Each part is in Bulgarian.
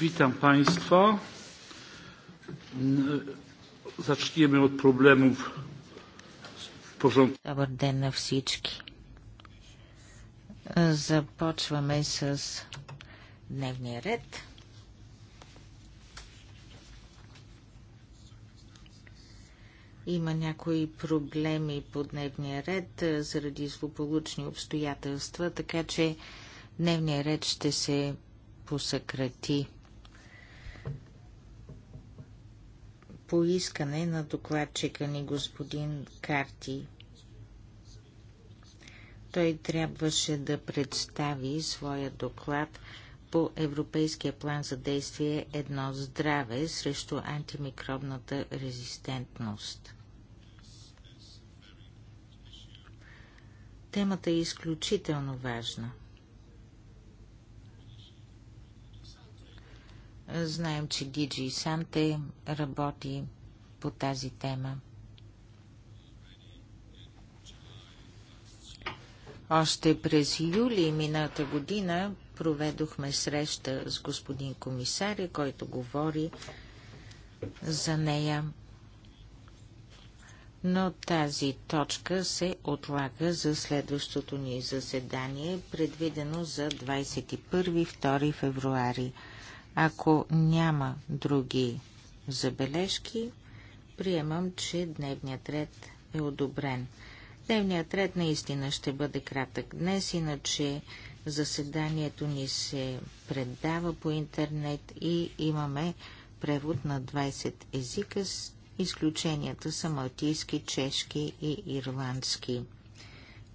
Witam Państwa. Zaczniemy od problemów w porządku. Добър ден на всички. Започваме с дневния ред. Има някои проблеми по дневния ред заради злополучни обстоятелства, така че дневния ред ще се посъкрати. по искане на докладчика ни господин Карти. Той трябваше да представи своя доклад по Европейския план за действие Едно здраве срещу антимикробната резистентност. Темата е изключително важна. Знаем, че Диджи Санте работи по тази тема. Още през юли миналата година проведохме среща с господин комисаря, който говори за нея. Но тази точка се отлага за следващото ни заседание, предвидено за 21-2 февруари. Ако няма други забележки, приемам, че дневният ред е одобрен. Дневният ред наистина ще бъде кратък днес, иначе заседанието ни се предава по интернет и имаме превод на 20 езика с изключенията са малтийски, чешки и ирландски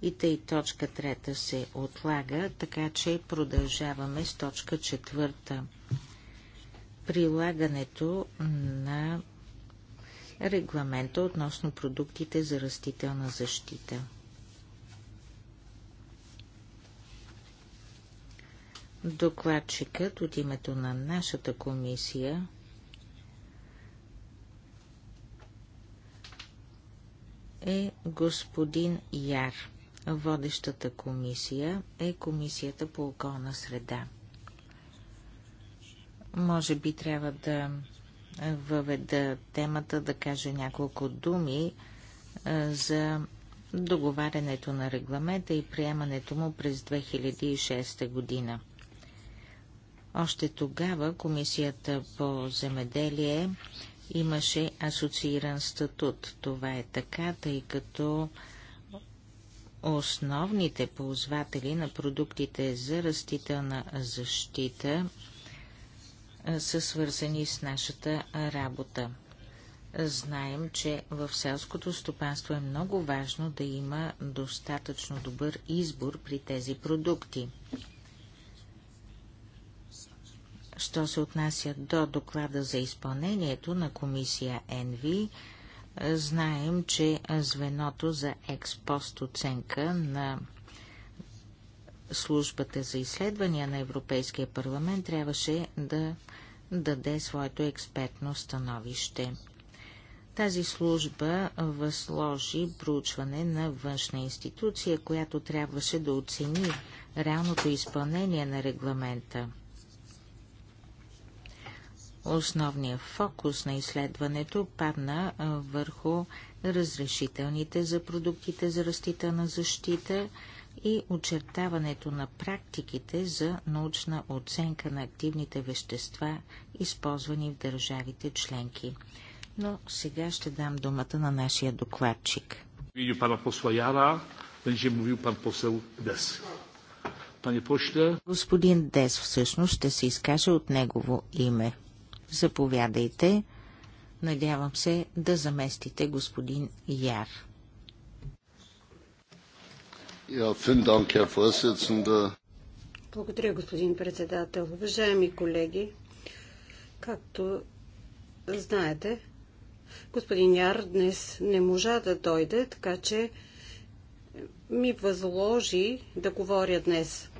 и тъй точка трета се отлага, така че продължаваме с точка четвърта. Прилагането на регламента относно продуктите за растителна защита. Докладчикът от името на нашата комисия е господин Яр. Водещата комисия е Комисията по околна среда. Може би трябва да въведа темата, да кажа няколко думи за договарянето на регламента и приемането му през 2006 година. Още тогава Комисията по земеделие имаше асоцииран статут. Това е така, тъй като основните ползватели на продуктите за растителна защита са свързани с нашата работа. Знаем, че в селското стопанство е много важно да има достатъчно добър избор при тези продукти. Що се отнася до доклада за изпълнението на комисия НВИ, Знаем, че звеното за експост оценка на службата за изследвания на Европейския парламент трябваше да даде своето експертно становище. Тази служба възложи проучване на външна институция, която трябваше да оцени реалното изпълнение на регламента. Основният фокус на изследването падна върху разрешителните за продуктите за растителна защита и очертаването на практиките за научна оценка на активните вещества, използвани в държавите членки. Но сега ще дам думата на нашия докладчик. Господин Дес всъщност ще се изкаже от негово име. Заповядайте. Надявам се да заместите господин Яр. Благодаря, господин председател. Уважаеми колеги, както знаете, господин Яр днес не можа да дойде, така че ми възложи да говоря днес.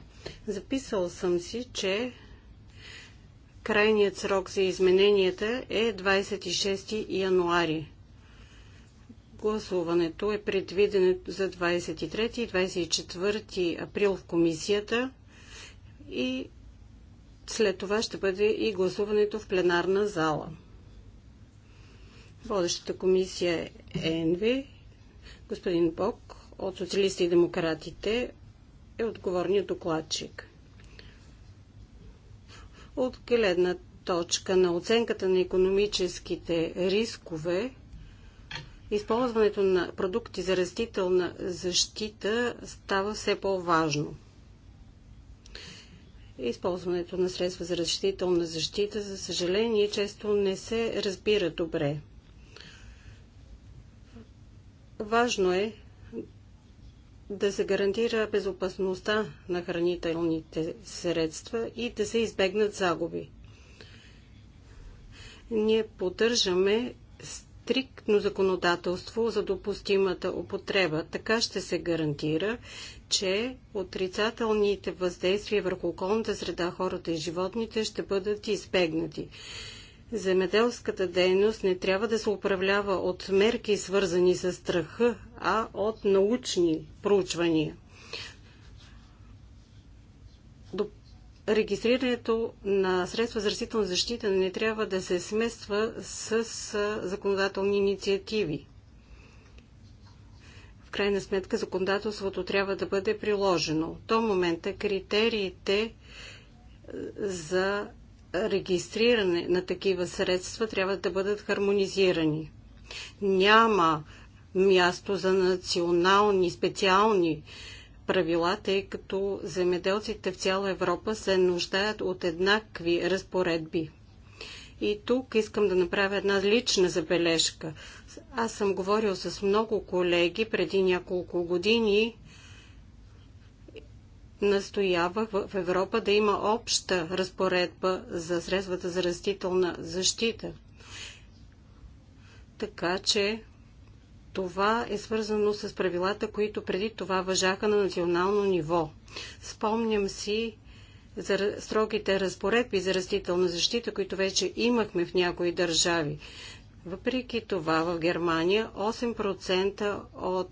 Записал съм си, че Крайният срок за измененията е 26 януари. Гласуването е предвидено за 23 и 24 април в комисията и след това ще бъде и гласуването в пленарна зала. Водещата комисия е ЕНВ. Господин Бок от Социалисти и Демократите е отговорният докладчик. От гледна точка на оценката на економическите рискове, използването на продукти за растителна защита става все по-важно. Използването на средства за растителна защита, за съжаление, често не се разбира добре. Важно е да се гарантира безопасността на хранителните средства и да се избегнат загуби. Ние поддържаме стриктно законодателство за допустимата употреба. Така ще се гарантира, че отрицателните въздействия върху околната среда, хората и животните ще бъдат избегнати. Земеделската дейност не трябва да се управлява от мерки, свързани с страха, а от научни проучвания. До регистрирането на средства за растителна защита не трябва да се смества с законодателни инициативи. В крайна сметка законодателството трябва да бъде приложено. До момента критериите за регистриране на такива средства трябва да бъдат хармонизирани. Няма място за национални специални правила, тъй като земеделците в цяла Европа се нуждаят от еднакви разпоредби. И тук искам да направя една лична забележка. Аз съм говорил с много колеги преди няколко години настоява в Европа да има обща разпоредба за средствата за растителна защита. Така че това е свързано с правилата, които преди това въжаха на национално ниво. Спомням си за строгите разпоредби за растителна защита, които вече имахме в някои държави. Въпреки това в Германия 8% от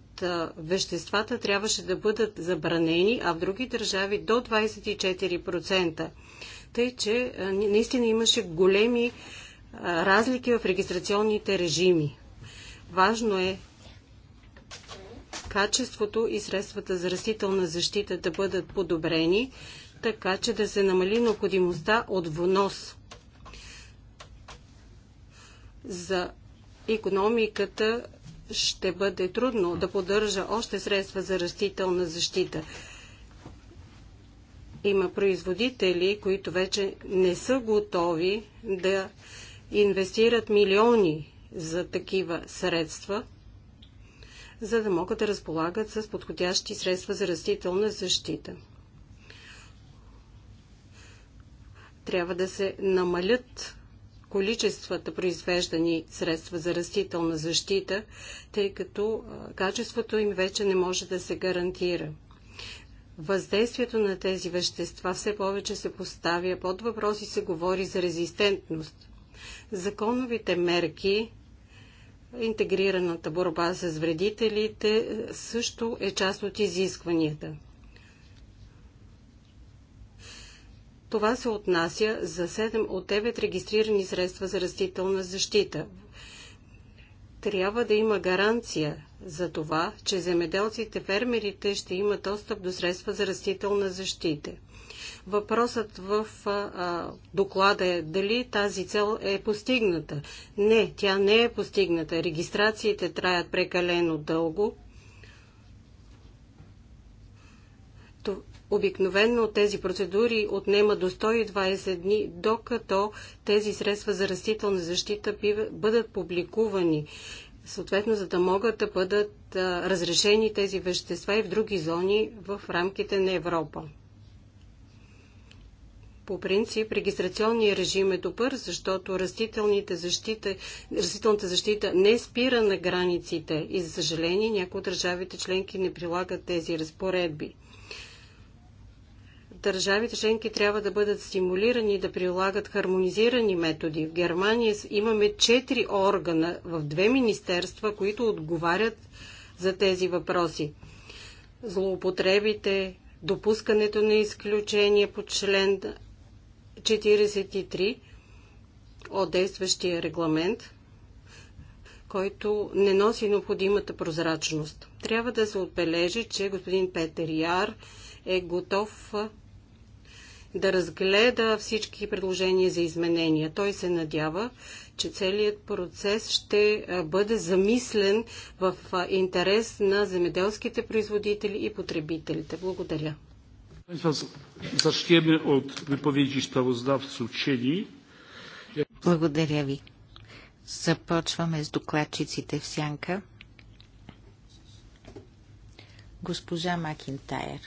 веществата трябваше да бъдат забранени, а в други държави до 24%. Тъй, че наистина имаше големи разлики в регистрационните режими. Важно е качеството и средствата за растителна защита да бъдат подобрени, така че да се намали необходимостта от внос за економиката ще бъде трудно да поддържа още средства за растителна защита. Има производители, които вече не са готови да инвестират милиони за такива средства, за да могат да разполагат с подходящи средства за растителна защита. Трябва да се намалят количествата произвеждани средства за растителна защита, тъй като качеството им вече не може да се гарантира. Въздействието на тези вещества все повече се поставя под въпрос и се говори за резистентност. Законовите мерки, интегрираната борба с вредителите също е част от изискванията. Това се отнася за 7 от 9 регистрирани средства за растителна защита. Трябва да има гаранция за това, че земеделците, фермерите ще имат достъп до средства за растителна защита. Въпросът в а, доклада е дали тази цел е постигната. Не, тя не е постигната. Регистрациите траят прекалено дълго Обикновено тези процедури отнема до 120 дни, докато тези средства за растителна защита бъдат публикувани. Съответно, за да могат да бъдат разрешени тези вещества и в други зони в рамките на Европа. По принцип, регистрационният режим е добър, защото растителните защита, растителната защита не спира на границите и, за съжаление, някои от държавите членки не прилагат тези разпоредби държавите членки трябва да бъдат стимулирани да прилагат хармонизирани методи. В Германия имаме четири органа в две министерства, които отговарят за тези въпроси. Злоупотребите, допускането на изключение по член 43 от действащия регламент, който не носи необходимата прозрачност. Трябва да се отбележи, че господин Петър Яр е готов да разгледа всички предложения за изменения. Той се надява, че целият процес ще бъде замислен в интерес на земеделските производители и потребителите. Благодаря. Благодаря ви. Започваме с докладчиците в сянка. Госпожа Макинтайр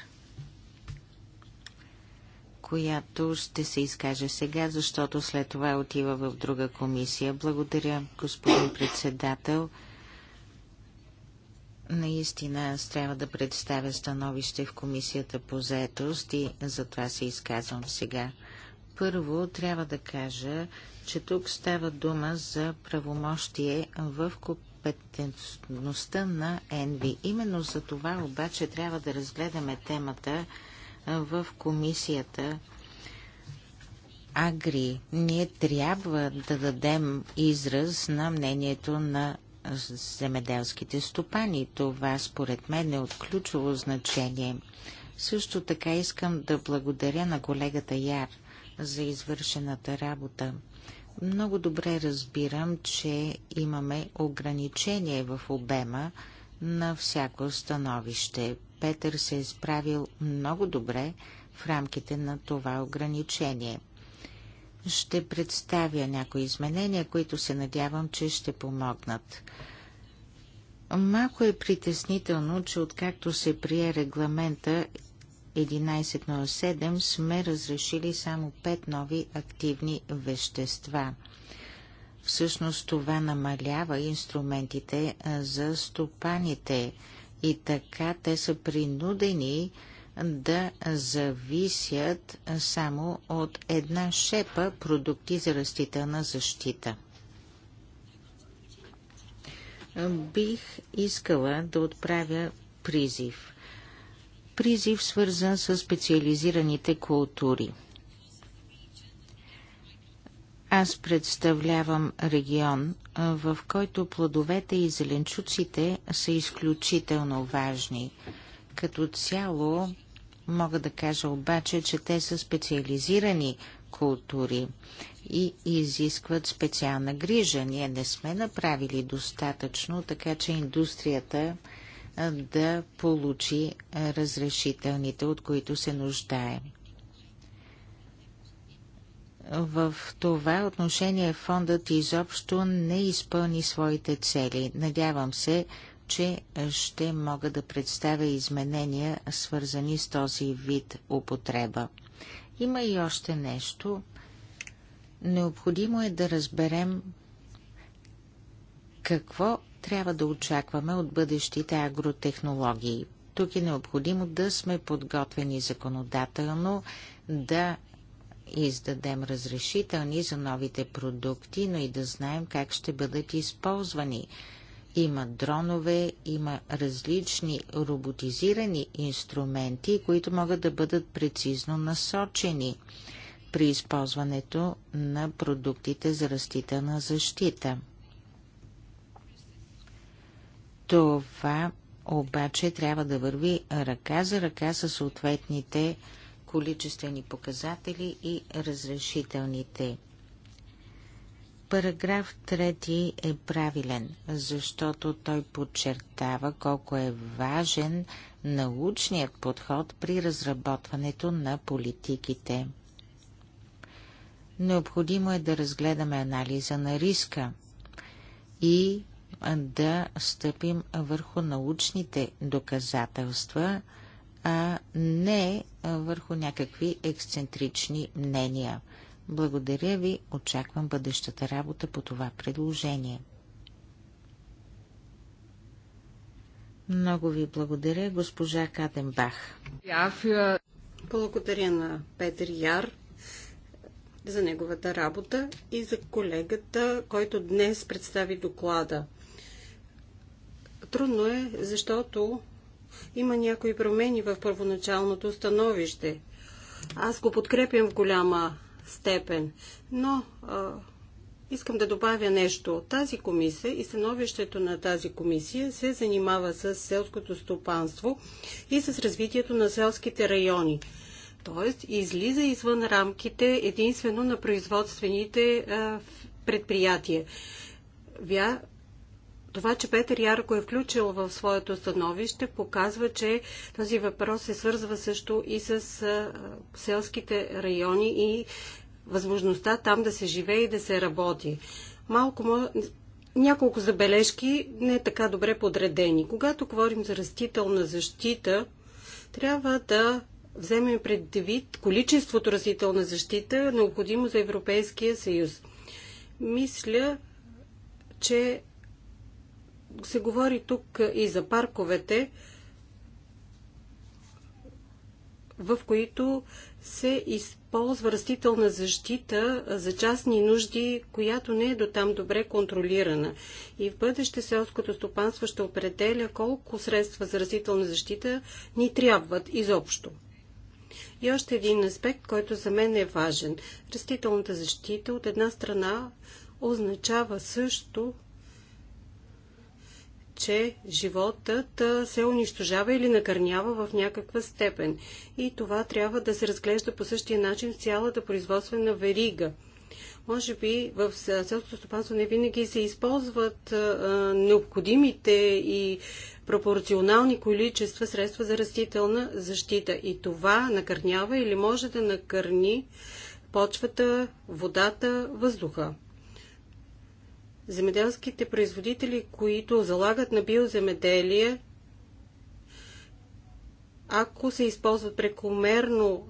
която ще се изкаже сега, защото след това отива в друга комисия. Благодаря, господин председател. Наистина аз трябва да представя становище в комисията по заетост и затова се изказвам сега. Първо трябва да кажа, че тук става дума за правомощие в компетентността на НВИ. Именно за това обаче трябва да разгледаме темата в комисията Агри. Ние трябва да дадем израз на мнението на земеделските стопани. Това според мен е от ключово значение. Също така искам да благодаря на колегата Яр за извършената работа. Много добре разбирам, че имаме ограничение в обема на всяко становище. Петър се е справил много добре в рамките на това ограничение. Ще представя някои изменения, които се надявам, че ще помогнат. Малко е притеснително, че откакто се прие регламента 1107 сме разрешили само 5 нови активни вещества. Всъщност това намалява инструментите за стопаните и така те са принудени да зависят само от една шепа продукти за растителна защита. Бих искала да отправя призив. Призив свързан с специализираните култури – аз представлявам регион, в който плодовете и зеленчуците са изключително важни. Като цяло мога да кажа обаче, че те са специализирани култури и изискват специална грижа. Ние не сме направили достатъчно, така че индустрията да получи разрешителните, от които се нуждаем. В това отношение фондът изобщо не изпълни своите цели. Надявам се, че ще мога да представя изменения, свързани с този вид употреба. Има и още нещо. Необходимо е да разберем какво трябва да очакваме от бъдещите агротехнологии. Тук е необходимо да сме подготвени законодателно, да издадем разрешителни за новите продукти, но и да знаем как ще бъдат използвани. Има дронове, има различни роботизирани инструменти, които могат да бъдат прецизно насочени при използването на продуктите за растителна защита. Това обаче трябва да върви ръка за ръка със съответните количествени показатели и разрешителните. Параграф 3 е правилен, защото той подчертава колко е важен научният подход при разработването на политиките. Необходимо е да разгледаме анализа на риска и да стъпим върху научните доказателства – а не върху някакви ексцентрични мнения. Благодаря ви, очаквам бъдещата работа по това предложение. Много ви благодаря, госпожа Каденбах. Благодаря на Петър Яр за неговата работа и за колегата, който днес представи доклада. Трудно е, защото има някои промени в първоначалното становище. Аз го подкрепям в голяма степен, но а, искам да добавя нещо. Тази комисия и становището на тази комисия се занимава с селското стопанство и с развитието на селските райони. Тоест, излиза извън рамките единствено на производствените а, предприятия. Вя, това, че Петър Ярко е включил в своето становище, показва, че този въпрос се свързва също и с селските райони и възможността там да се живее и да се работи. Малко няколко забележки не е така добре подредени. Когато говорим за растителна защита, трябва да вземем предвид количеството растителна защита, необходимо за Европейския съюз. Мисля, че се говори тук и за парковете, в които се използва растителна защита за частни нужди, която не е до там добре контролирана. И в бъдеще селското стопанство ще определя колко средства за растителна защита ни трябват изобщо. И още един аспект, който за мен е важен. Растителната защита от една страна означава също че животът се унищожава или накърнява в някаква степен. И това трябва да се разглежда по същия начин в цялата производствена верига. Може би в селското стопанство не винаги се използват необходимите и пропорционални количества средства за растителна защита. И това накърнява или може да накърни почвата, водата, въздуха земеделските производители, които залагат на биоземеделие, ако се използват прекомерно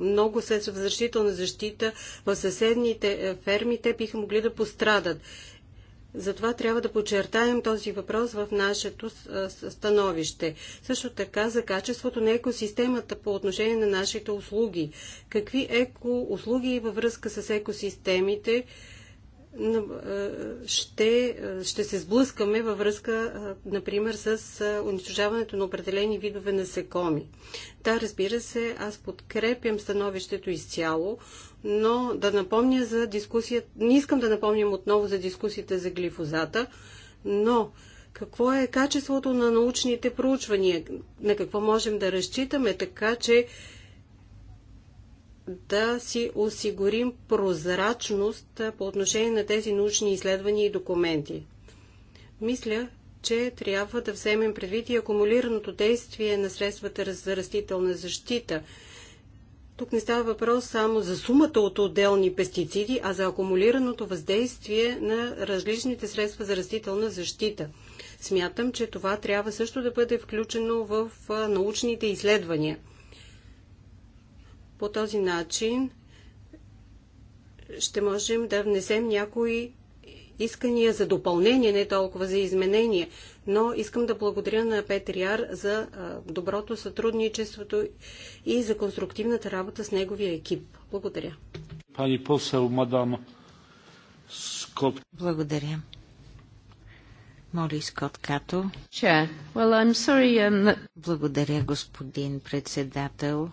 много средства в защитителна защита в съседните е, ферми, те биха могли да пострадат. Затова трябва да подчертаем този въпрос в нашето становище. Също така за качеството на екосистемата по отношение на нашите услуги. Какви екоуслуги във връзка с екосистемите е, ще, е, ще се сблъскаме във връзка, е, например, с унищожаването на определени видове насекоми. Да, разбира се, аз подкрепям становището изцяло, но да напомня за дискусията, не искам да напомням отново за дискусията за глифозата, но какво е качеството на научните проучвания, на какво можем да разчитаме, така че да си осигурим прозрачност по отношение на тези научни изследвания и документи. Мисля, че трябва да вземем предвид и акумулираното действие на средствата за растителна защита. Тук не става въпрос само за сумата от отделни пестициди, а за акумулираното въздействие на различните средства за растителна защита. Смятам, че това трябва също да бъде включено в научните изследвания – по този начин ще можем да внесем някои искания за допълнение, не толкова за изменение. Но искам да благодаря на Яр за доброто сътрудничеството и за конструктивната работа с неговия екип. Благодаря. Пани посел, мадам Скот. Благодаря. Моли Скот Като. Well, I'm sorry, um, Благодаря, господин председател.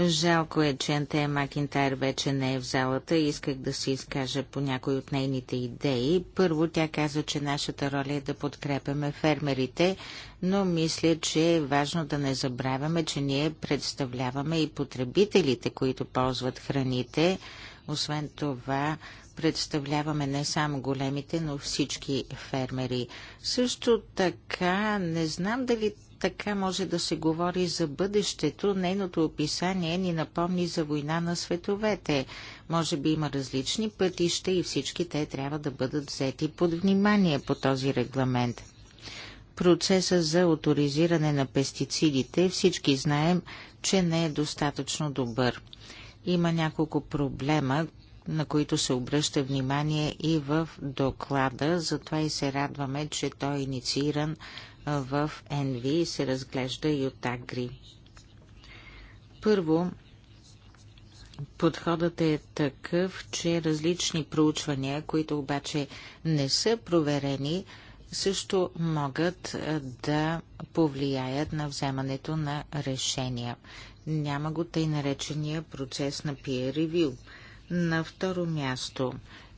Жалко е, че Антея Макинтайр вече не е в залата и исках да се изкажа по някои от нейните идеи. Първо тя каза, че нашата роля е да подкрепяме фермерите, но мисля, че е важно да не забравяме, че ние представляваме и потребителите, които ползват храните. Освен това, представляваме не само големите, но всички фермери. Също така, не знам дали така може да се говори за бъдещето. Нейното описание ни напомни за война на световете. Може би има различни пътища и всички те трябва да бъдат взети под внимание по този регламент. Процеса за авторизиране на пестицидите всички знаем, че не е достатъчно добър. Има няколко проблема, на които се обръща внимание и в доклада, затова и се радваме, че той е иницииран в НВ и се разглежда и от Агри. Първо, подходът е такъв, че различни проучвания, които обаче не са проверени, също могат да повлияят на вземането на решения. Няма го тъй наречения процес на peer review. На второ място,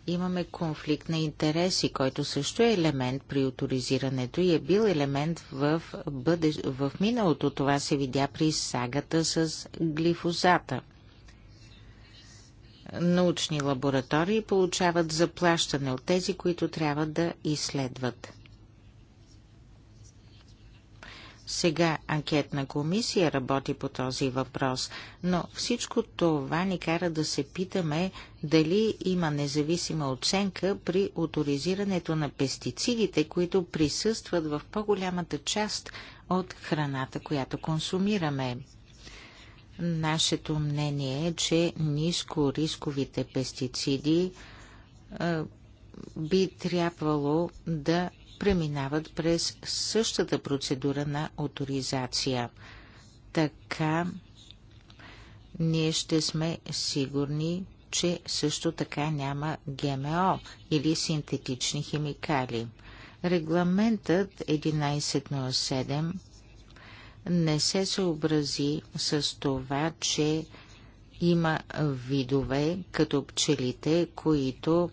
имаме конфликт на интереси, който също е елемент при авторизирането и е бил елемент в, бъдещ... в миналото. Това се видя при сагата с глифозата. Научни лаборатории получават заплащане от тези, които трябва да изследват. Сега анкетна комисия работи по този въпрос, но всичко това ни кара да се питаме дали има независима оценка при авторизирането на пестицидите, които присъстват в по-голямата част от храната, която консумираме. Нашето мнение е, че ниско рисковите пестициди би трябвало да преминават през същата процедура на авторизация. Така ние ще сме сигурни, че също така няма ГМО или синтетични химикали. Регламентът 1107 не се съобрази с това, че има видове, като пчелите, които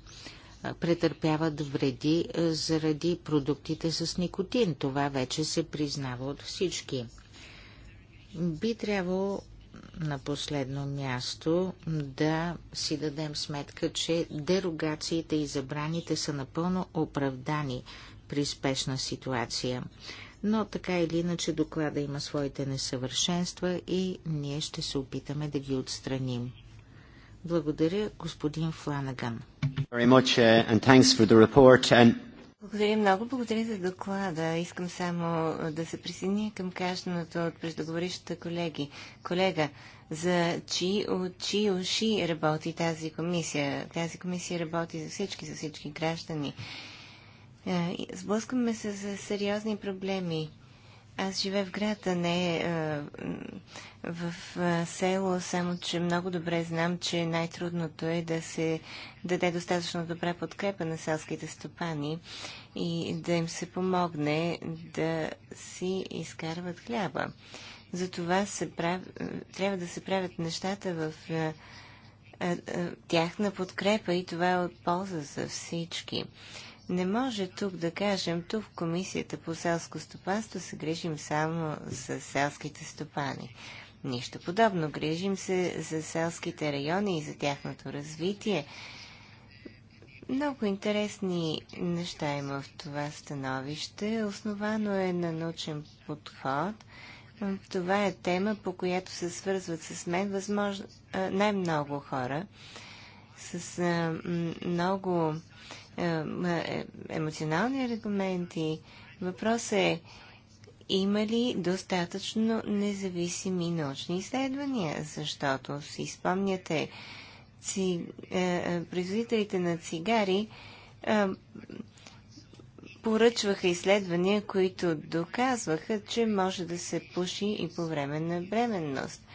претърпяват вреди заради продуктите с никотин. Това вече се признава от всички. Би трябвало на последно място да си дадем сметка, че дерогациите и забраните са напълно оправдани при спешна ситуация. Но така или иначе доклада има своите несъвършенства и ние ще се опитаме да ги отстраним. Благодаря, господин Фланаган. Uh, благодаря много, благодаря за доклада. Искам само да се присъединя към кажденото от преждоговорищата колеги. Колега, за чи очи уши работи тази комисия. Тази комисия работи за всички, за всички граждани. Е, сблъскваме се за сериозни проблеми. Аз живея в град, а не е, в село, само че много добре знам, че най-трудното е да се даде достатъчно добра подкрепа на селските стопани и да им се помогне да си изкарват хляба. Затова се прав... трябва да се правят нещата в тяхна подкрепа и това е от полза за всички. Не може тук да кажем, тук в Комисията по селско стопанство се грижим само за селските стопани. Нищо подобно. Грижим се за селските райони и за тяхното развитие. Много интересни неща има в това становище. Основано е на научен подход. Това е тема, по която се свързват с мен възможно, най-много хора. С много е, е, емоционални аргументи. Въпросът е, има ли достатъчно независими научни изследвания? Защото си спомняте, ци, е, е, производителите на цигари е, поръчваха изследвания, които доказваха, че може да се пуши и по време на бременност.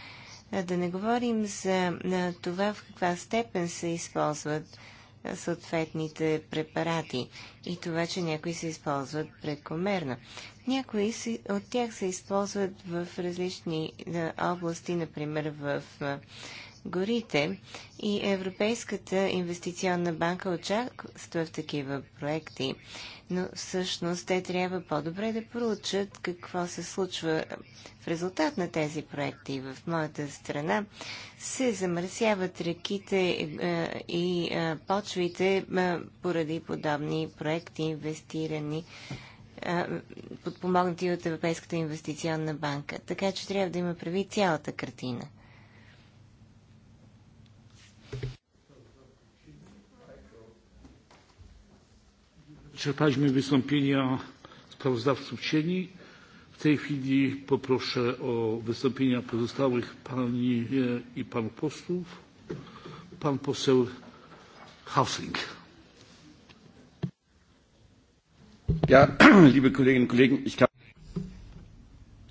Да не говорим за това в каква степен се използват съответните препарати и това, че някои се използват прекомерно. Някои от тях се използват в различни области, например в горите и Европейската инвестиционна банка участва в такива проекти но всъщност те трябва по-добре да проучат какво се случва в резултат на тези проекти. В моята страна се замърсяват реките е, и е, почвите е, поради подобни проекти, инвестирани, подпомогнати от Европейската инвестиционна банка. Така че трябва да има прави цялата картина. Wyczerpaliśmy wystąpienia sprawozdawców cieni. W tej chwili poproszę o wystąpienia pozostałych pani i panów posłów. Pan poseł Hausling. Ja, liebe Kolleginnen und Kollegen, ich kann...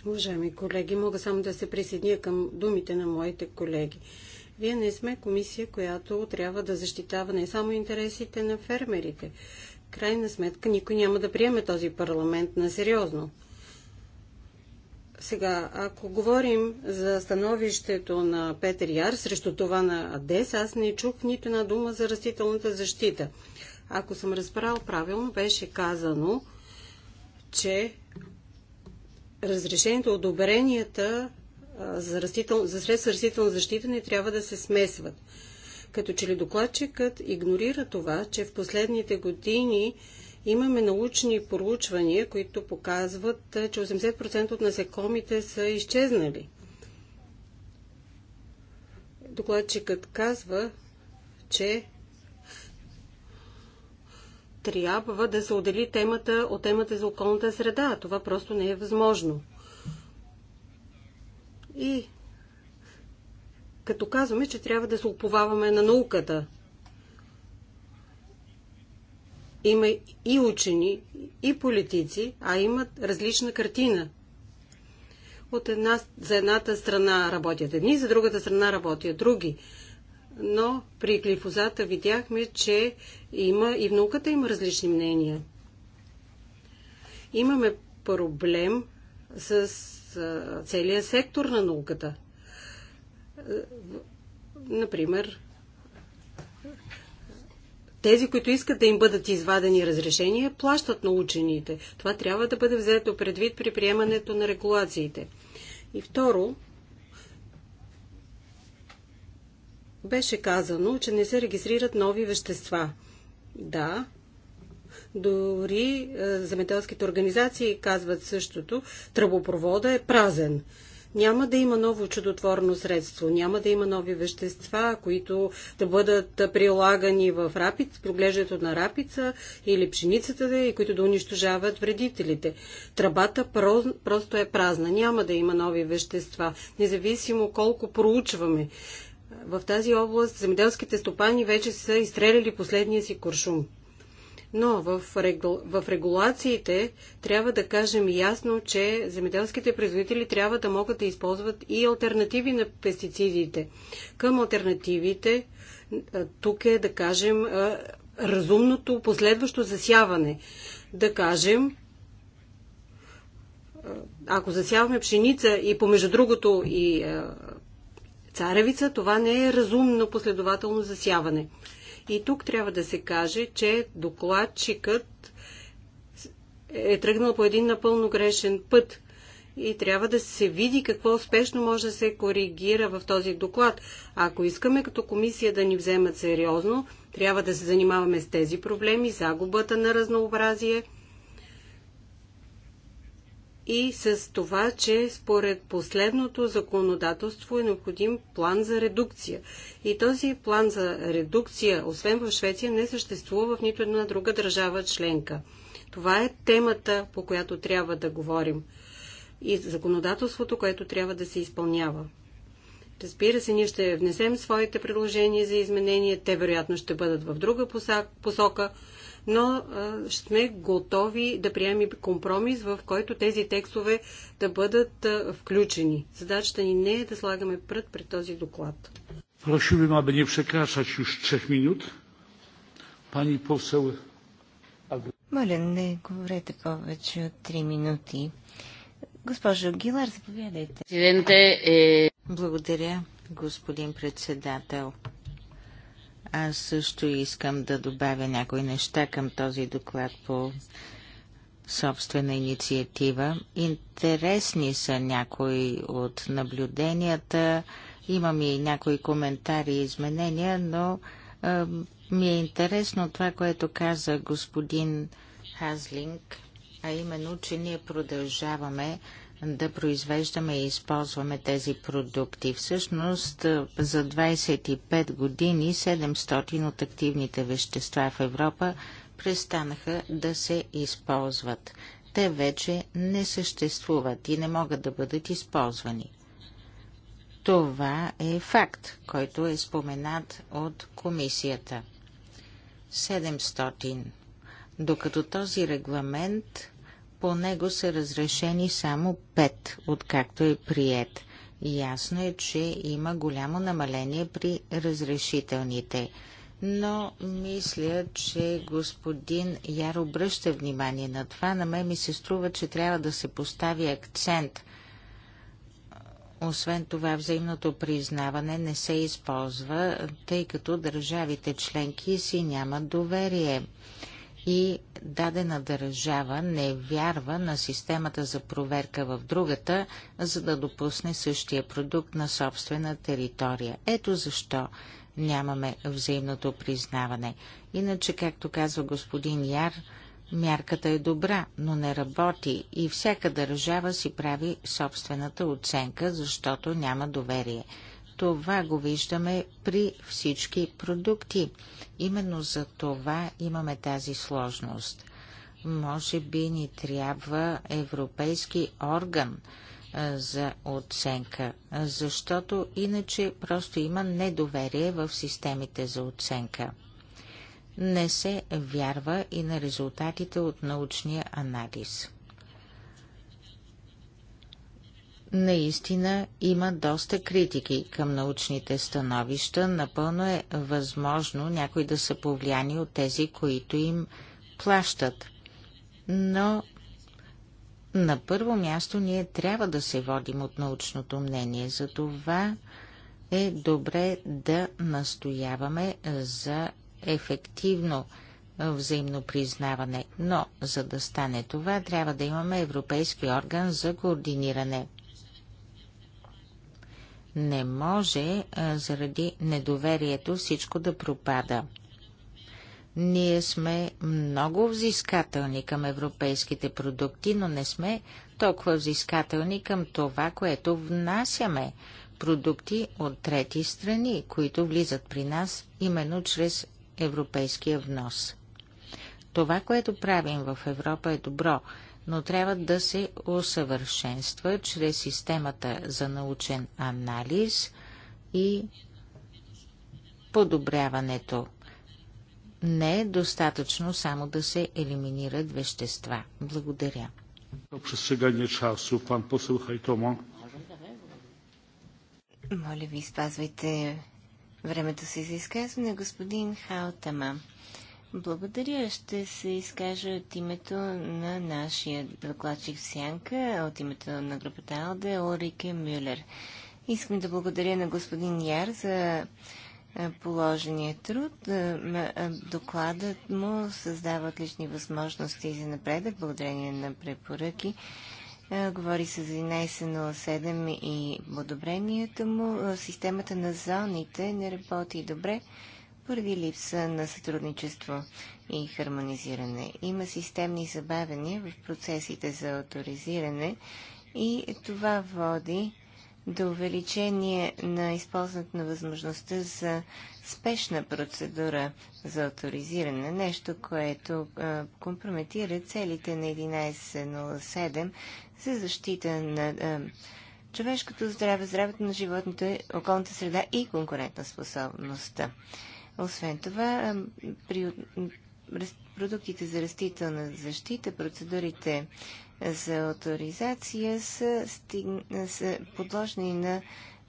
Уважаеми колеги, мога само да се присъединя към думите на моите колеги. Вие не сме комисия, която трябва да защитава не само интересите на фермерите крайна сметка никой няма да приеме този парламент на сериозно. Сега, ако говорим за становището на Петър Яр срещу това на АДЕС, аз не чух нито една дума за растителната защита. Ако съм разбрал правилно, беше казано, че разрешението, одобренията за, растител... за средства растителна защита не трябва да се смесват. Като че ли докладчикът игнорира това, че в последните години имаме научни проучвания, които показват, е, че 80% от насекомите са изчезнали. Докладчикът казва, че трябва да се отдели темата от темата за околната среда. Това просто не е възможно. И като казваме, че трябва да се уповаваме на науката. Има и учени, и политици, а имат различна картина. От една, за едната страна работят едни, за другата страна работят други. Но при глифозата видяхме, че има и в науката има различни мнения. Имаме проблем с целия сектор на науката – например, тези, които искат да им бъдат извадени разрешения, плащат на учените. Това трябва да бъде взето предвид при приемането на регулациите. И второ, беше казано, че не се регистрират нови вещества. Да, дори е, земеделските организации казват същото. Тръбопровода е празен няма да има ново чудотворно средство, няма да има нови вещества, които да бъдат прилагани в рапиц, проглеждането на рапица или пшеницата, и които да унищожават вредителите. Трабата просто е празна, няма да има нови вещества, независимо колко проучваме. В тази област земеделските стопани вече са изстреляли последния си куршум. Но в, регулациите трябва да кажем ясно, че земеделските производители трябва да могат да използват и альтернативи на пестицидите. Към альтернативите тук е да кажем разумното последващо засяване. Да кажем, ако засяваме пшеница и помежду другото и царевица, това не е разумно последователно засяване. И тук трябва да се каже, че докладчикът е тръгнал по един напълно грешен път. И трябва да се види какво успешно може да се коригира в този доклад. Ако искаме като комисия да ни вземат сериозно, трябва да се занимаваме с тези проблеми, загубата на разнообразие – и с това, че според последното законодателство е необходим план за редукция. И този план за редукция, освен в Швеция, не съществува в нито една друга държава членка. Това е темата, по която трябва да говорим и законодателството, което трябва да се изпълнява. Разбира се, ние ще внесем своите предложения за изменения. Те вероятно ще бъдат в друга посока, но сме готови да приемем компромис, в който тези текстове да бъдат включени. Задачата ни не е да слагаме прът пред този доклад. Prosiłbym, aby не przekraczać уж трех минут. Пани посел... Моля, не говорете повече от три минути. Госпожо Гилар, заповядайте. Е- Благодаря, господин председател. Аз също искам да добавя някои неща към този доклад по собствена инициатива. Интересни са някои от наблюденията. Имам и някои коментари и изменения, но а, ми е интересно това, което каза господин Хазлинг, а именно, че ние продължаваме да произвеждаме и използваме тези продукти. Всъщност за 25 години 700 от активните вещества в Европа престанаха да се използват. Те вече не съществуват и не могат да бъдат използвани. Това е факт, който е споменат от комисията. 700. Докато този регламент по него са разрешени само 5, откакто е прият. Ясно е, че има голямо намаление при разрешителните. Но мисля, че господин Яр обръща внимание на това. На мен ми се струва, че трябва да се постави акцент. Освен това, взаимното признаване не се използва, тъй като държавите членки си нямат доверие и дадена държава не вярва на системата за проверка в другата, за да допусне същия продукт на собствена територия. Ето защо нямаме взаимното признаване. Иначе, както казва господин Яр, мярката е добра, но не работи и всяка държава си прави собствената оценка, защото няма доверие. Това го виждаме при всички продукти. Именно за това имаме тази сложност. Може би ни трябва европейски орган за оценка, защото иначе просто има недоверие в системите за оценка. Не се вярва и на резултатите от научния анализ. наистина има доста критики към научните становища. Напълно е възможно някои да са повлияни от тези, които им плащат. Но на първо място ние трябва да се водим от научното мнение. За това е добре да настояваме за ефективно взаимно признаване. Но за да стане това, трябва да имаме Европейски орган за координиране. Не може заради недоверието всичко да пропада. Ние сме много взискателни към европейските продукти, но не сме толкова взискателни към това, което внасяме продукти от трети страни, които влизат при нас именно чрез европейския внос. Това, което правим в Европа е добро, но трябва да се усъвършенства чрез системата за научен анализ и подобряването. Не е достатъчно само да се елиминират вещества. Благодаря. Моля ви, спазвайте времето си за изказване, господин Хаотама. Благодаря. Ще се изкажа от името на нашия докладчик Сянка, от името на групата Алде, Орике Мюлер. Искам да благодаря на господин Яр за положения труд. Докладът му създава отлични възможности за напредък, благодарение на препоръки. Говори се за 11.07 и подобрението му. Системата на зоните не работи добре поради липса на сътрудничество и хармонизиране. Има системни забавения в процесите за авторизиране и това води до увеличение на използването на възможността за спешна процедура за авторизиране, нещо, което а, компрометира целите на 1107 за защита на а, човешкото здраве, здравето на животните, околната среда и конкурентна способността. Освен това, при продуктите за растителна защита, процедурите за авторизация са, стиг... са подложени на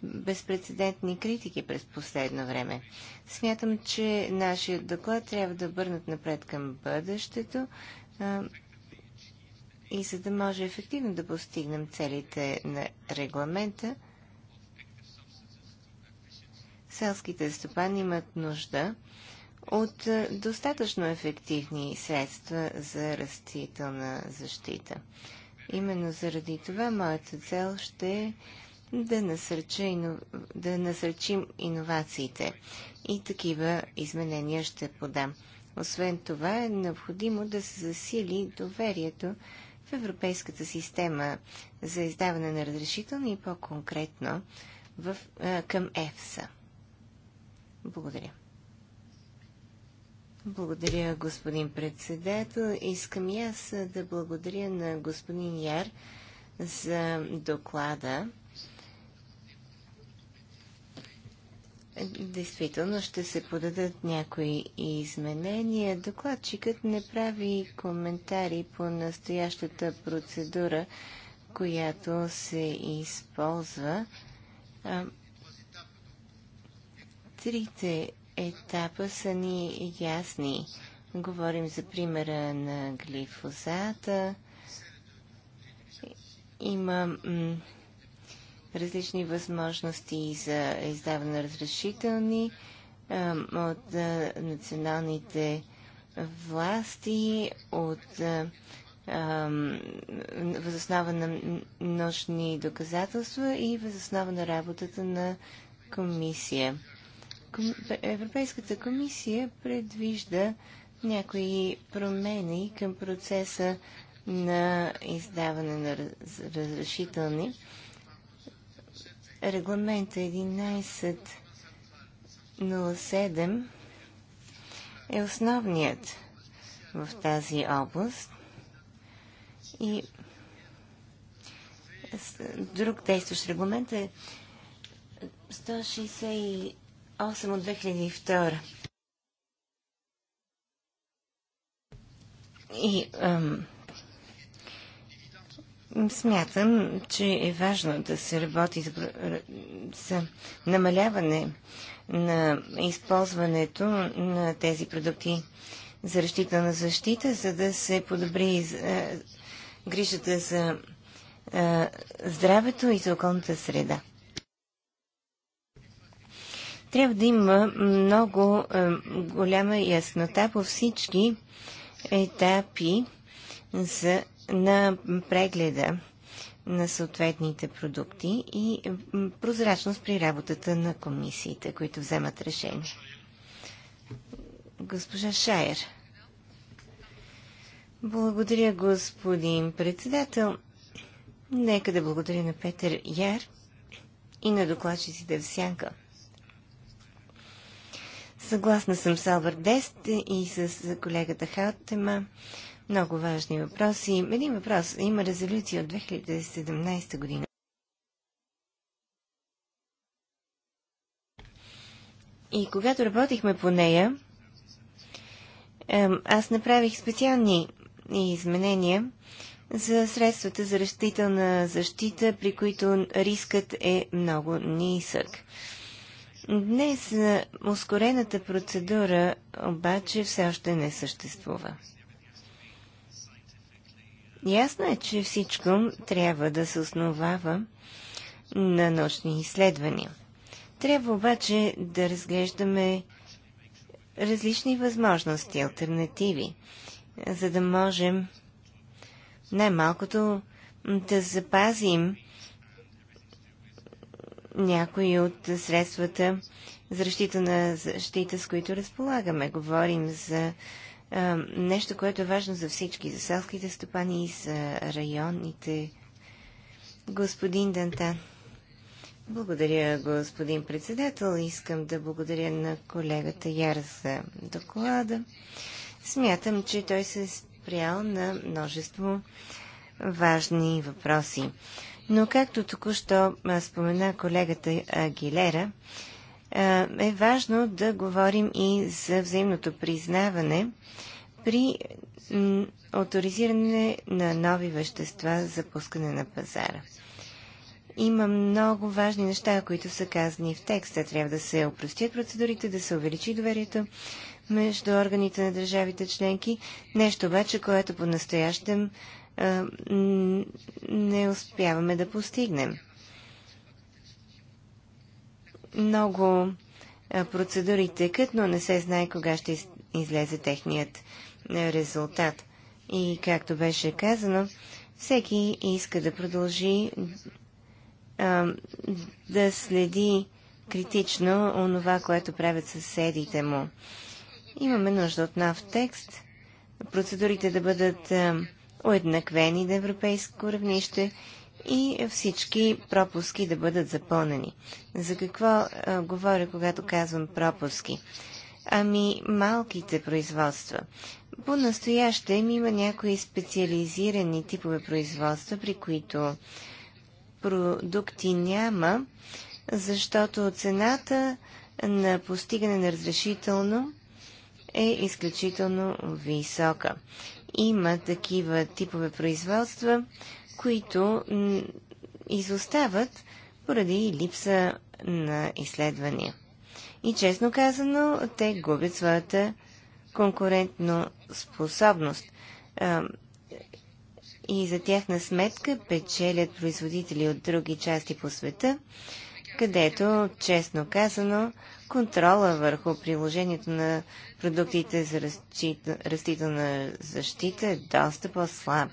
безпредседентни критики през последно време. Смятам, че нашия доклад трябва да обърнат напред към бъдещето а, и за да може ефективно да постигнем целите на регламента, селските стопани имат нужда от е, достатъчно ефективни средства за растителна защита. Именно заради това моята цел ще е да, насърча, да насърчим иновациите и такива изменения ще подам. Освен това е необходимо да се засили доверието в европейската система за издаване на разрешителни и по-конкретно е, към ЕФСА. Благодаря. Благодаря, господин председател. Искам и аз да благодаря на господин Яр за доклада. Действително ще се подадат някои изменения. Докладчикът не прави коментари по настоящата процедура, която се използва. Трите етапа са ни ясни. Говорим за примера на глифозата. Има различни възможности за издаване на разрешителни от а, националните власти, от възоснова на нощни доказателства и възоснова на работата на комисия. Европейската комисия предвижда някои промени към процеса на издаване на разрешителни. Регламента 1107 е основният в тази област и друг действащ регламент е 8 от 2002. И ам, смятам, че е важно да се работи за, за намаляване на използването на тези продукти за защита на защита, за да се подобри е, грижата за е, здравето и за околната среда. Трябва да има много е, голяма яснота по всички етапи за, на прегледа на съответните продукти и прозрачност при работата на комисиите, които вземат решение. Госпожа Шайер. Благодаря, господин председател. Нека да благодаря на Петър Яр и на докладчиците в Сянка. Съгласна съм с Алберт Дест и с колегата Халтема. Много важни въпроси. Един въпрос. Има резолюция от 2017 година. И когато работихме по нея, аз направих специални изменения за средствата за растителна защита, при които рискът е много нисък. Днес е, ускорената процедура обаче все още не съществува. Ясно е, че всичко трябва да се основава на научни изследвания. Трябва обаче да разглеждаме различни възможности, альтернативи, за да можем най-малкото да запазим някои от средствата за защита на защита, с които разполагаме. Говорим за а, нещо, което е важно за всички, за селските стопани и за районните. Господин Дантан. Благодаря, господин председател. Искам да благодаря на колегата Яра за доклада. Смятам, че той се е спрял на множество важни въпроси. Но както току-що спомена колегата Агилера, е важно да говорим и за взаимното признаване при авторизиране на нови вещества за пускане на пазара. Има много важни неща, които са казани в текста. Трябва да се опростят процедурите, да се увеличи доверието между органите на държавите членки. Нещо обаче, което по-настоящем е, не успяваме да постигнем. Много е, процедури текат, но не се знае кога ще излезе техният е, резултат. И както беше казано, всеки иска да продължи да следи критично онова, което правят съседите му. Имаме нужда от нов текст, процедурите да бъдат а, уеднаквени на европейско равнище и всички пропуски да бъдат запълнени. За какво а, говоря, когато казвам пропуски? Ами малките производства. по им има някои специализирани типове производства, при които продукти няма, защото цената на постигане на разрешително е изключително висока има такива типове производства, които изостават поради липса на изследвания. И честно казано, те губят своята конкурентно способност. И за тяхна сметка печелят производители от други части по света, където, честно казано, контрола върху приложението на продуктите за растителна защита е доста по-слаб.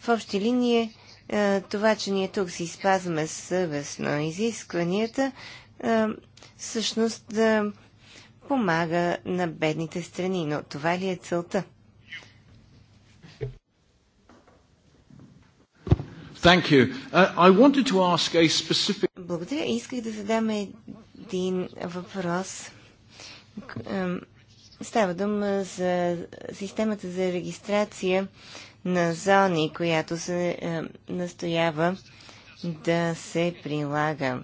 В общи линии е, това, че ние тук си спазваме съвестно изискванията, е, всъщност да е, помага на бедните страни. Но това ли е целта? Uh, Благодаря. Исках да задам един въпрос. Става дума за системата за регистрация на зони, която се настоява да се прилага.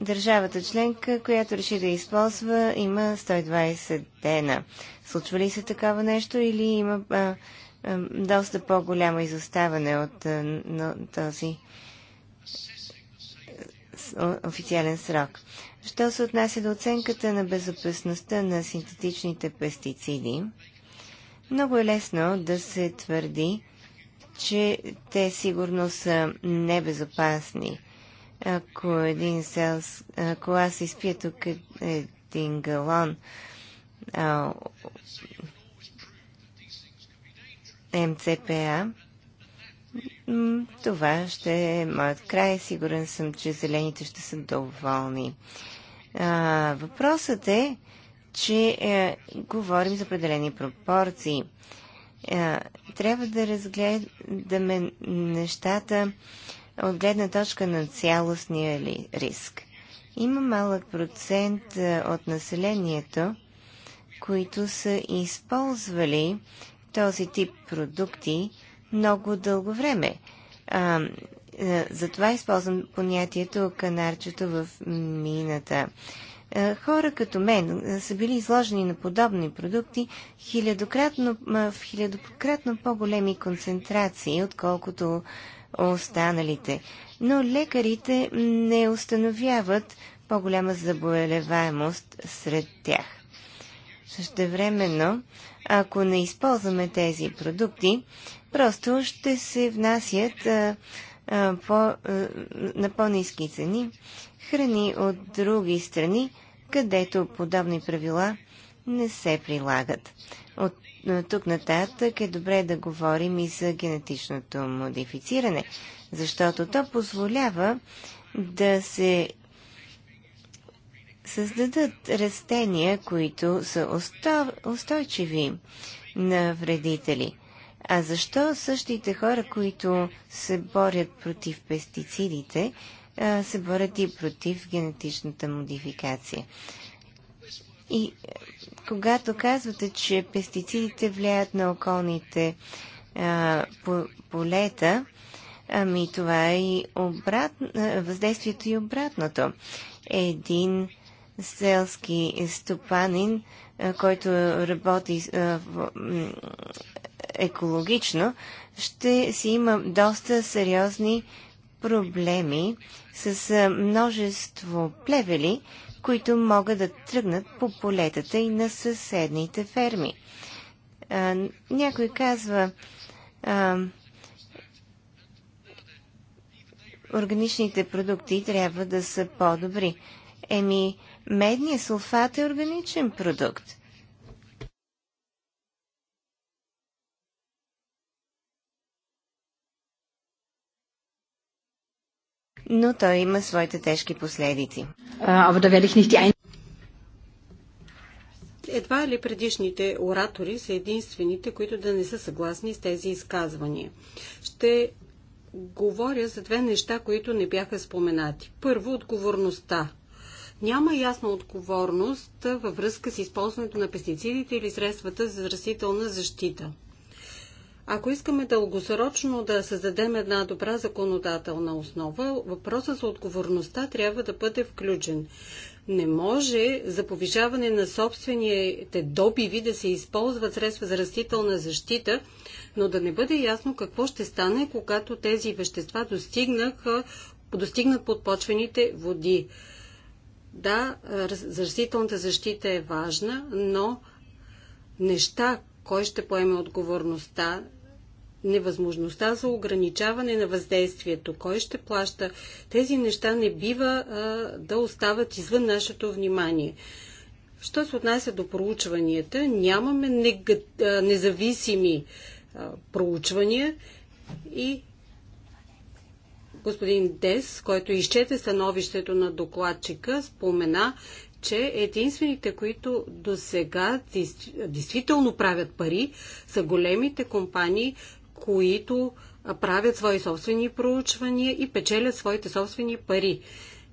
Държавата членка, която реши да използва, има 120 дена. Случва ли се такова нещо или има а, а, доста по-голямо изоставане от а, на, този официален срок. Що се отнася до оценката на безопасността на синтетичните пестициди, много е лесно да се твърди, че те сигурно са небезопасни. Ако, един селс, ако аз изпия тук един галон а, МЦПА, това ще е моят край. Сигурен съм, че зелените ще са доволни. А, въпросът е, че е, говорим за определени пропорции. Е, трябва да разгледаме нещата от гледна точка на цялостния ли риск. Има малък процент е, от населението, които са използвали този тип продукти, много дълго време. А, е, затова използвам понятието канарчето в мината. Е, хора като мен е, са били изложени на подобни продукти хилядократно, в хилядократно по-големи концентрации, отколкото останалите. Но лекарите не установяват по-голяма заболеваемост сред тях. Същевременно, ако не използваме тези продукти, Просто ще се внасят а, а, по, а, на по-низки цени храни от други страни, където подобни правила не се прилагат. От тук нататък е добре да говорим и за генетичното модифициране, защото то позволява да се създадат растения, които са устойчиви на вредители. А защо същите хора, които се борят против пестицидите, се борят и против генетичната модификация? И е, когато казвате, че пестицидите влияят на околните полета, ами това е и обратно, е, въздействието и обратното. Един селски стопанин, е, който работи екологично, ще си има доста сериозни проблеми с множество плевели, които могат да тръгнат по полетата и на съседните ферми. А, някой казва, а, органичните продукти трябва да са по-добри. Еми, медният сулфат е органичен продукт. но той има своите тежки последици. Едва ли предишните оратори са единствените, които да не са съгласни с тези изказвания. Ще говоря за две неща, които не бяха споменати. Първо, отговорността. Няма ясна отговорност във връзка с използването на пестицидите или средствата за растителна защита. Ако искаме дългосрочно да създадем една добра законодателна основа, въпросът за отговорността трябва да бъде включен. Не може за повишаване на собствените добиви да се използват средства за растителна защита, но да не бъде ясно какво ще стане, когато тези вещества достигнат достигнат почвените води. Да, растителната защита е важна, но неща, кой ще поеме отговорността невъзможността за ограничаване на въздействието, кой ще плаща, тези неща не бива а, да остават извън нашето внимание. Що се отнася до проучванията, нямаме нега... независими а, проучвания и господин Дес, който изчете становището на докладчика, спомена, че единствените, които до сега действително правят пари, са големите компании, които правят свои собствени проучвания и печелят своите собствени пари.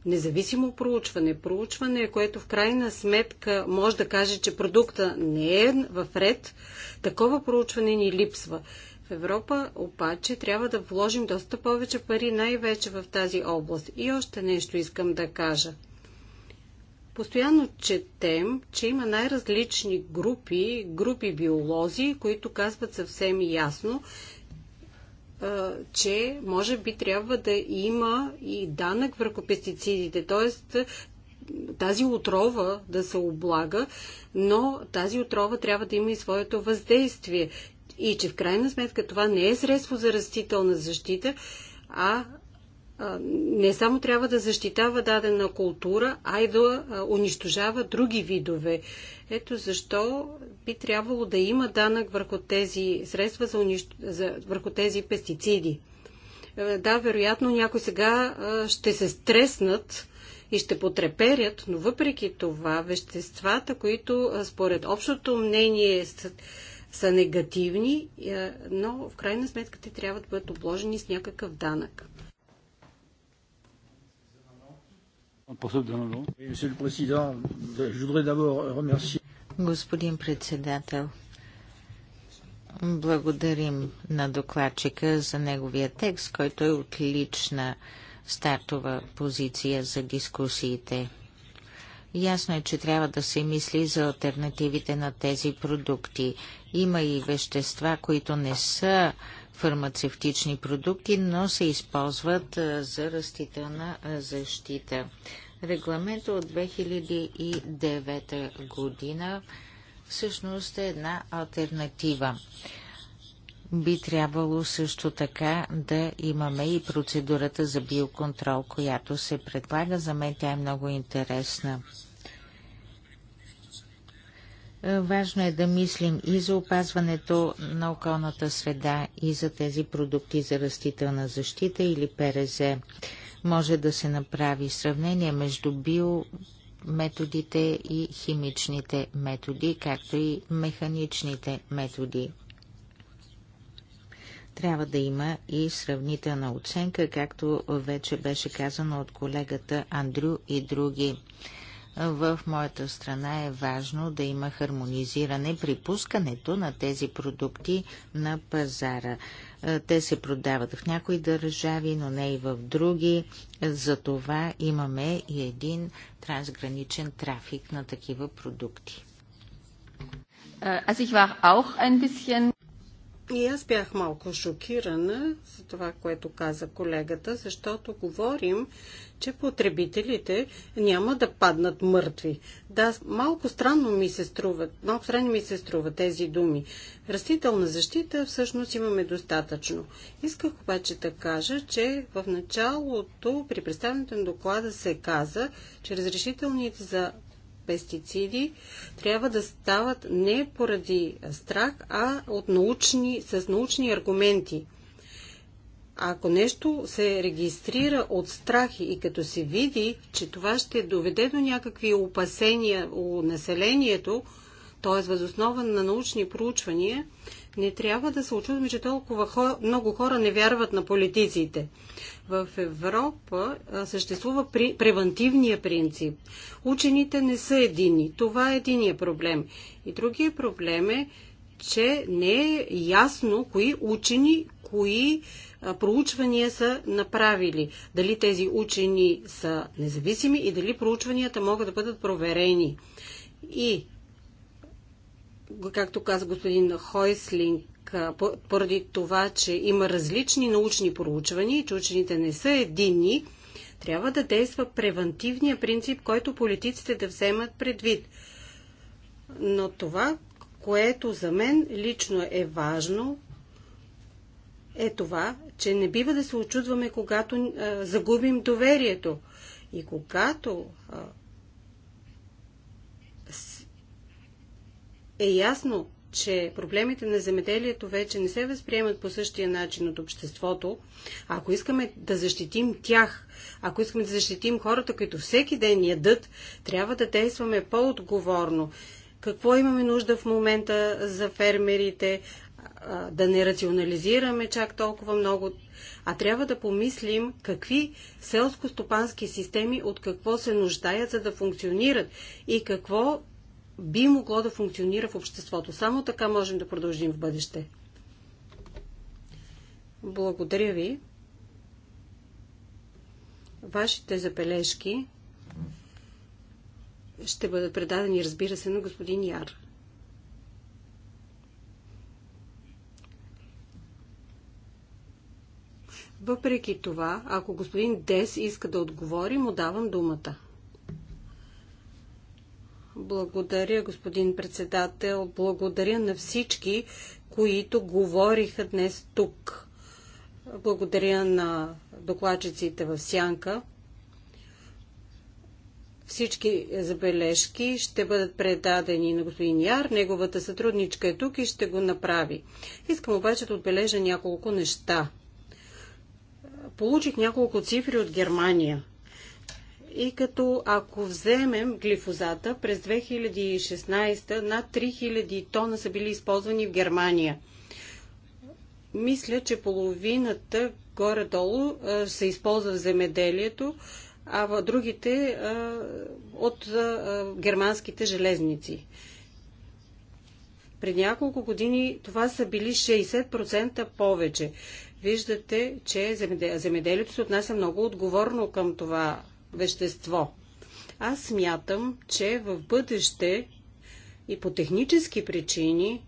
Независимо проучване, проучване, е което в крайна сметка може да каже, че продукта не е в ред, такова проучване ни липсва. В Европа обаче трябва да вложим доста повече пари най-вече в тази област. И още нещо искам да кажа – Постоянно четем, че има най-различни групи, групи биолози, които казват съвсем ясно, че може би трябва да има и данък върху пестицидите, т.е. тази отрова да се облага, но тази отрова трябва да има и своето въздействие. И че в крайна сметка това не е средство за растителна защита, а не само трябва да защитава дадена култура, а и да унищожава други видове. Ето защо би трябвало да има данък върху тези средства за, унищ... за... върху тези пестициди. Да, вероятно някои сега ще се стреснат и ще потреперят, но въпреки това веществата, които според общото мнение са, са негативни, но в крайна сметка те трябва да бъдат обложени с някакъв данък. Господин председател, благодарим на докладчика за неговия текст, който е отлична стартова позиция за дискусиите. Ясно е, че трябва да се мисли за альтернативите на тези продукти. Има и вещества, които не са фармацевтични продукти, но се използват за растителна защита. Регламент от 2009 година всъщност е една альтернатива. Би трябвало също така да имаме и процедурата за биоконтрол, която се предлага. За мен тя е много интересна. Важно е да мислим и за опазването на околната среда и за тези продукти за растителна защита или ПРЗ. Може да се направи сравнение между биометодите и химичните методи, както и механичните методи. Трябва да има и сравнителна оценка, както вече беше казано от колегата Андрю и други в моята страна е важно да има хармонизиране при пускането на тези продукти на пазара. Е, те се продават в някои държави, но не и в други. Затова имаме и един трансграничен трафик на такива продукти. Е, аз ich war auch ein bisschen и аз бях малко шокирана за това, което каза колегата, защото говорим, че потребителите няма да паднат мъртви. Да, малко странно ми се струват, малко странно ми се струват тези думи. Растителна защита всъщност имаме достатъчно. Исках обаче да кажа, че в началото при представянето на доклада се каза, че разрешителните за пестициди трябва да стават не поради страх, а от научни, с научни аргументи. Ако нещо се регистрира от страх и като се види, че това ще доведе до някакви опасения у населението, т.е. възоснова на научни проучвания, не трябва да се очудваме, че толкова хора, много хора не вярват на политиците в Европа съществува при превентивния принцип. Учените не са едини. Това е единия проблем. И другия проблем е, че не е ясно кои учени, кои проучвания са направили. Дали тези учени са независими и дали проучванията могат да бъдат проверени. И, както каза господин Хойслинг, поради това, че има различни научни проучвания и че учените не са единни, трябва да действа превентивния принцип, който политиците да вземат предвид. Но това, което за мен лично е важно, е това, че не бива да се очудваме, когато а, загубим доверието. И когато а, е ясно, че проблемите на земеделието вече не се възприемат по същия начин от обществото, ако искаме да защитим тях, ако искаме да защитим хората, които всеки ден ядат, трябва да действаме по-отговорно. Какво имаме нужда в момента за фермерите? Да не рационализираме чак толкова много, а трябва да помислим какви селско-стопански системи от какво се нуждаят, за да функционират и какво би могло да функционира в обществото. Само така можем да продължим в бъдеще. Благодаря ви. Вашите забележки ще бъдат предадени, разбира се, на господин Яр. Въпреки това, ако господин Дес иска да отговори, му давам думата. Благодаря, господин председател. Благодаря на всички, които говориха днес тук. Благодаря на докладчиците в Сянка. Всички забележки ще бъдат предадени на господин Яр. Неговата сътрудничка е тук и ще го направи. Искам обаче да отбележа няколко неща. Получих няколко цифри от Германия. И като ако вземем глифозата, през 2016 над 3000 тона са били използвани в Германия. Мисля, че половината горе-долу се използва в земеделието, а в другите от германските железници. Пред няколко години това са били 60% повече. Виждате, че земеделието се отнася много отговорно към това вещество. Аз смятам, че в бъдеще и по технически причини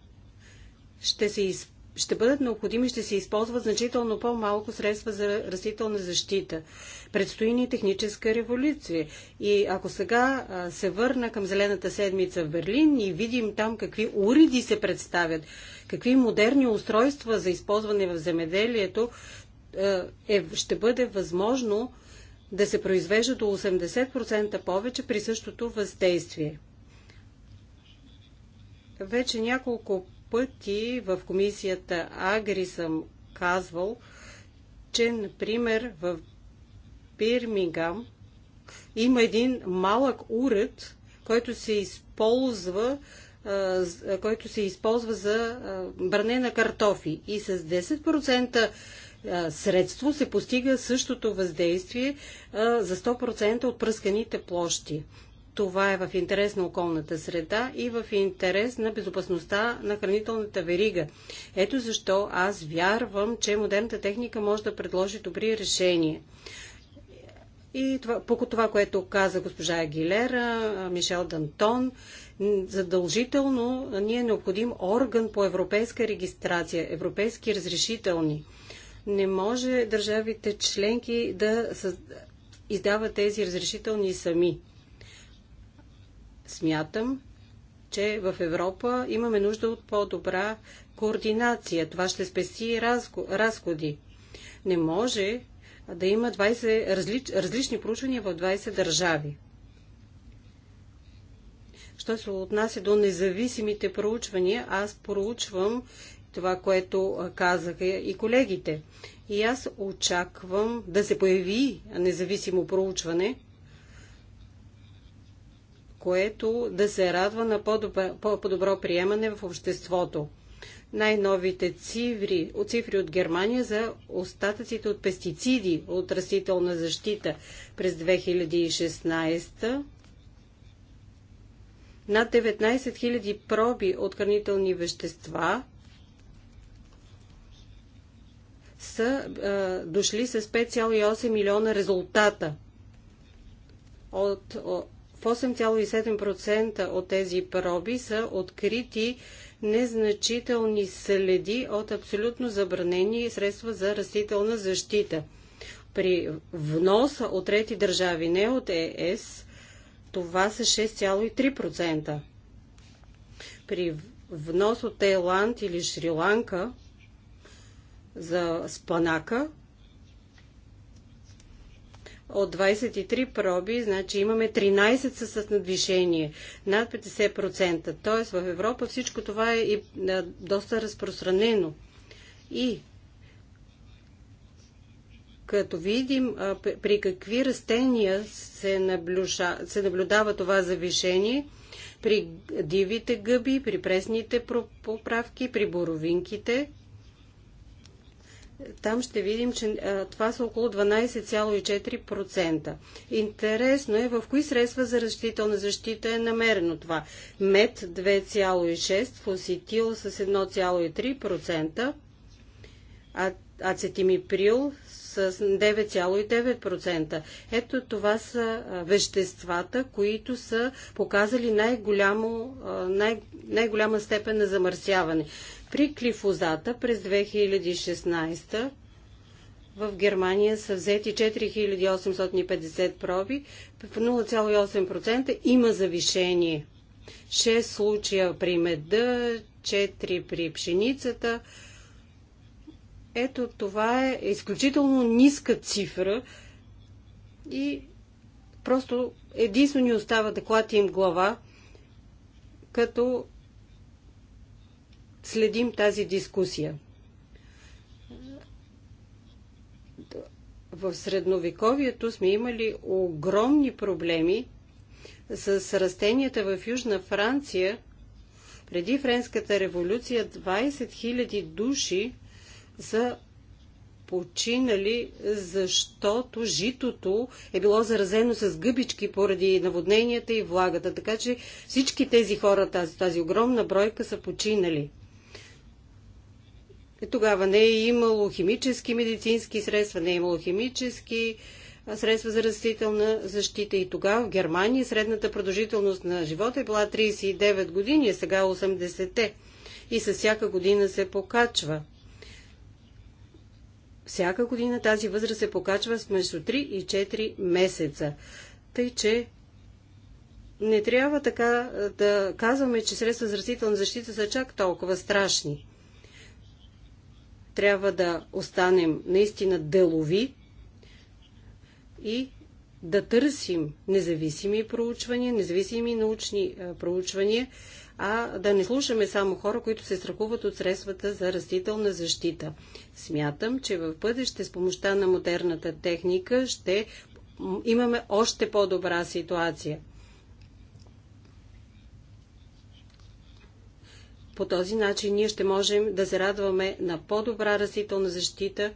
ще, се из... ще бъдат необходими, ще се използват значително по-малко средства за растителна защита. Предстои ни техническа революция. И ако сега а, се върна към Зелената седмица в Берлин и видим там какви уреди се представят, какви модерни устройства за използване в земеделието, е, ще бъде възможно да се произвежда до 80% повече при същото въздействие. Вече няколко пъти в комисията Агри съм казвал, че, например, в Бирмингам има един малък уред, който се използва който се използва за бране на картофи. И с 10% средство се постига същото въздействие за 100% от пръсканите площи. Това е в интерес на околната среда и в интерес на безопасността на хранителната верига. Ето защо аз вярвам, че модерната техника може да предложи добри решения. И това, по това, което каза госпожа Агилера, Мишел Дантон, задължително ни е необходим орган по европейска регистрация, европейски разрешителни – не може държавите членки да издават тези разрешителни сами. Смятам, че в Европа имаме нужда от по-добра координация. Това ще спести разходи. Не може да има 20 различ, различни проучвания в 20 държави. Що се отнася до независимите проучвания, аз проучвам това, което казаха и колегите. И аз очаквам да се появи независимо проучване, което да се радва на по-добро приемане в обществото. Най-новите цифри, цифри от Германия за остатъците от пестициди от растителна защита през 2016 над 19 000 проби от хранителни вещества са а, дошли с 5,8 милиона резултата. От, от, в 8,7% от тези проби са открити незначителни следи от абсолютно забранени средства за растителна защита. При вноса от трети държави, не от ЕС, това са 6,3%. При внос от Тайланд или Шри-Ланка за спанака. От 23 проби, значи имаме 13 с надвишение, над 50%. Тоест в Европа всичко това е и доста разпространено. И като видим при какви растения се, наблюша, се наблюдава това завишение, при дивите гъби, при пресните поправки, при боровинките, там ще видим, че а, това са около 12,4%. Интересно е в кои средства за растителна защита е намерено това. Мед 2,6%, фоситил с 1,3%, а, ацетимиприл с 9,9%. Ето това са а, веществата, които са показали най-голямо, най- най-голяма най степен на замърсяване. При клифозата през 2016 в Германия са взети 4850 проби, в 0,8% има завишение. 6 случая при меда, 4 при пшеницата. Ето това е изключително ниска цифра и просто единствено ни остава да клатим глава, като следим тази дискусия. В средновековието сме имали огромни проблеми с растенията в Южна Франция. Преди Френската революция 20 000 души са починали, защото житото е било заразено с гъбички поради наводненията и влагата. Така че всички тези хора, тази, тази огромна бройка са починали. Е, тогава не е имало химически медицински средства, не е имало химически средства за растителна защита. И тогава в Германия средната продължителност на живота е била 39 години, а сега 80-те. Е и със всяка година се покачва. Всяка година тази възраст се покачва с между 3 и 4 месеца. Тъй, че не трябва така да казваме, че средства за растителна защита са чак толкова страшни. Трябва да останем наистина делови и да търсим независими проучвания, независими научни е, проучвания, а да не слушаме само хора, които се страхуват от средствата за растителна защита. Смятам, че в бъдеще с помощта на модерната техника ще имаме още по-добра ситуация. По този начин ние ще можем да се радваме на по-добра растителна защита.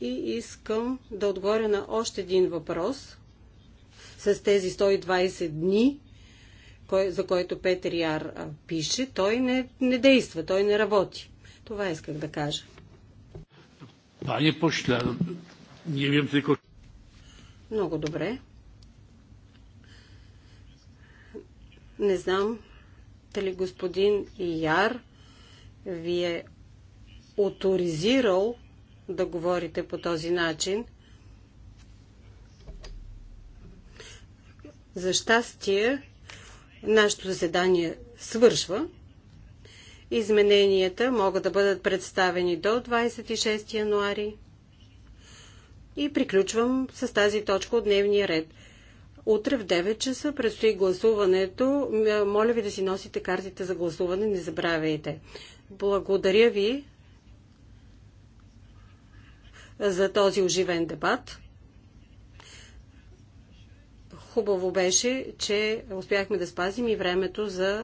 И искам да отговоря на още един въпрос с тези 120 дни, за който Петър Яр пише. Той не, не действа, той не работи. Това исках да кажа. Пане Пошля, ние имам тільки... Много добре. Не знам ли господин Яр ви е авторизирал да говорите по този начин. За щастие, нашето заседание свършва. Измененията могат да бъдат представени до 26 януари. И приключвам с тази точка от дневния ред. Утре в 9 часа предстои гласуването. Моля ви да си носите картите за гласуване, не забравяйте. Благодаря ви за този оживен дебат. Хубаво беше, че успяхме да спазим и времето за